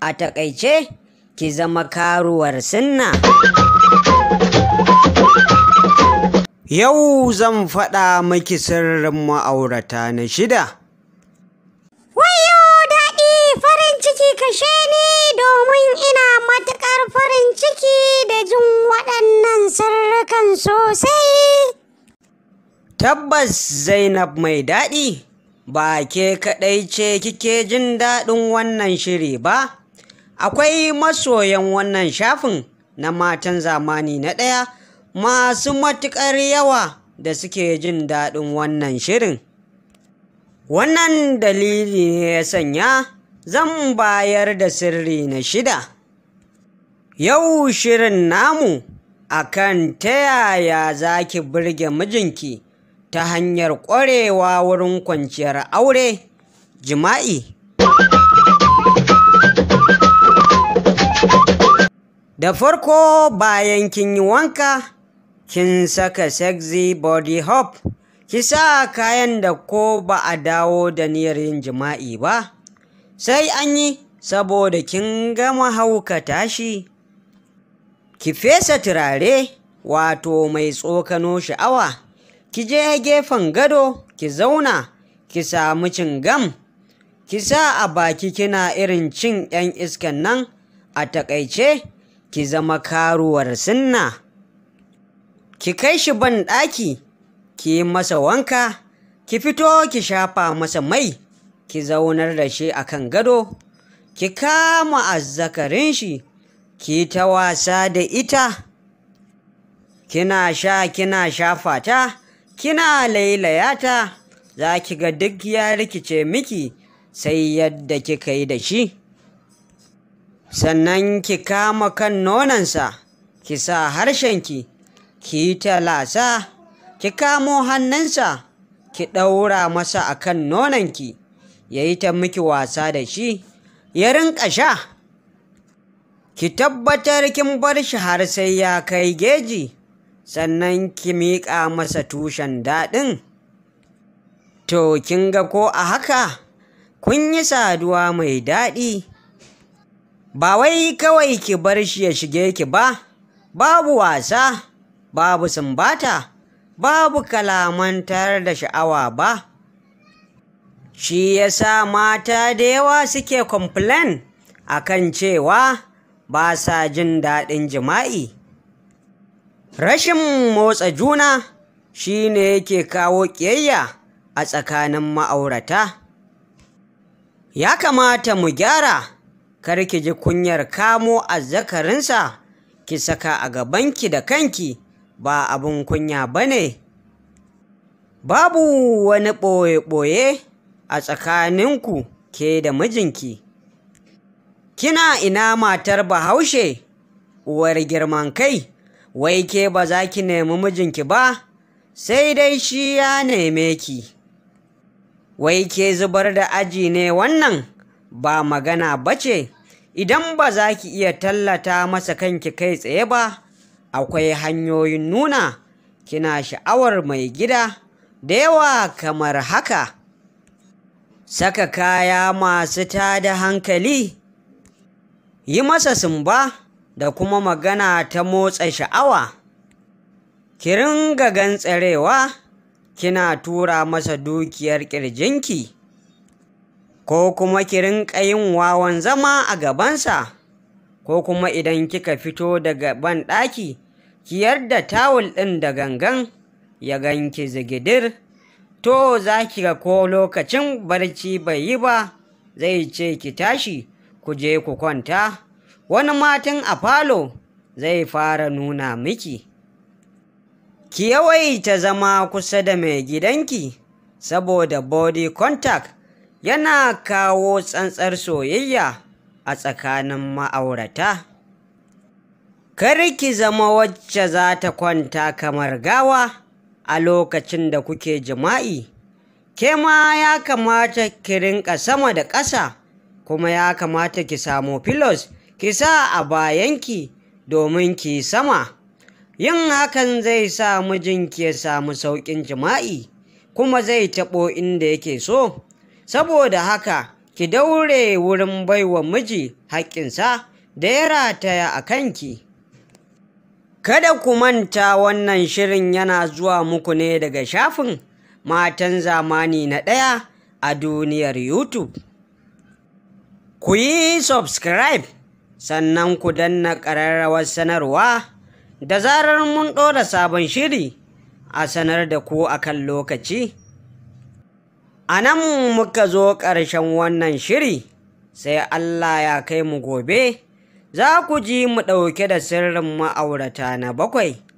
a takaice ki zama karuwar sunna yau zan faɗa miki sirrin ma'aurata na shida wayo daɗi farin ciki kashe ni domin ina matuƙar farin ciki da jin waɗannan sirrikan sosai tabbas zainab mai daɗi ba ke kaɗai ce kike jin daɗin wannan shiri ba akwai masoyan wannan shafin na matan zamani na ɗaya masu matuƙar yawa da suke jin daɗin wannan shirin wannan dalili ne ya sanya zan bayar da sirri na shida yau shirin namu akan ta yaya za ki birge mijinki ta hanyar ƙwarewa wurin kwanciyar aure jima'i Da farko bayan kin yi wanka, kin saka sexy body hop, ki sa kayan da ko ba a dawo da niyyar yin jima'i ba, sai an yi saboda kin gama haukata shi. Ki fesa turare, wato mai tsokano sha'awa, ki je gefen gado, ki zauna, ki samu gam, ki sa a baki kina irin cin ‘yan iskan nan a taƙaice. ki zama karuwar sunna ki kai shi ban ɗaki ki yi masa wanka ki fito ki shafa masa mai ki zaunar da shi a kan gado ki kama azzakarin shi ki ta wasa da ita kina sha kina shafa ta kina lailaya ta za ki ga duk ya rikice miki sai yadda kika yi da shi sannan ki kama kan nonansa ki sa harshenki ki yi talasa ki kamo hannunsa ki ɗaura masa a kan nonanki ya yi ta miki wasa da shi ya rinƙa sha ki tabbatar kin bar shi har sai ya kai geji sannan ki miƙa masa tushen daɗin to kin ga ko a haka kun yi saduwa mai daɗi ba wai kawai ki bar shi ya shige ki ba, babu wasa, babu sumbata, babu kalamantar da sha'awa ba. Shi ya sa mata da yawa suke complain a kan cewa ba sa jin daɗin jima'i. Rashin motsa juna shi ne yake kawo ƙiyayya a tsakanin ma'aurata. Ya kamata mu gyara. kar ki ji kunyar kamo azzakarinsa ki saka a gabanki da kanki ba abin kunya ba ne babu wani ɓoye-ɓoye a tsakaninku ke da mijinki kina ina matar bahaushe uwar girman kai wai ke ba za ki nemi mijinki ba sai dai shi ya neme ki wai ke zubar da aji ne wannan ba magana ba ce idan ba za ki iya tallata masa kanki kai tsaye ba akwai hanyoyin nuna kina sha'awar mai gida da yawa kamar haka saka kaya masu tada hankali yi masa sumba da kuma magana ta motsa sha'awa ki ringa gantsarewa kina tura masa dukiyar ƙirjinki ko kuma ki rinƙa yin wawan zama a gabansa ko kuma idan kika fito daga banɗaki ki yarda tawul ɗin da gangan ya ganki zigidir to za ki ga ko lokacin barci bai yi ba zai ce ki tashi ku je ku kwanta wani matan a falo zai fara nuna miki ki yawaita zama kusa da mai gidanki saboda body contact yana kawo tsantsar soyayya a tsakanin ma'aurata kar ki zama wacce za ta kwanta kamar gawa a lokacin da kuke jima'i ke ma ya kamata ki rinƙa sama da ƙasa kuma ya kamata ki samu filos ki sa a bayanki domin ki sama yin hakan zai sa mijinki ya samu sauƙin jima'i kuma zai taɓo inda yake so saboda haka ki daure wurin baiwa miji haƙƙinsa da ya rataya a kanki. Kada ku manta wannan shirin yana zuwa muku ne daga shafin matan zamani na ɗaya a duniyar YouTube. Ku yi subscribe sannan ku danna ƙararrawar sanarwa da zarar mun ɗora sabon shiri a sanar da ku akan lokaci. a nan muka zo ƙarshen wannan shiri sai allah ya kai mu gobe za ku ji mu ɗauke da sirrin ma'aurata na bakwai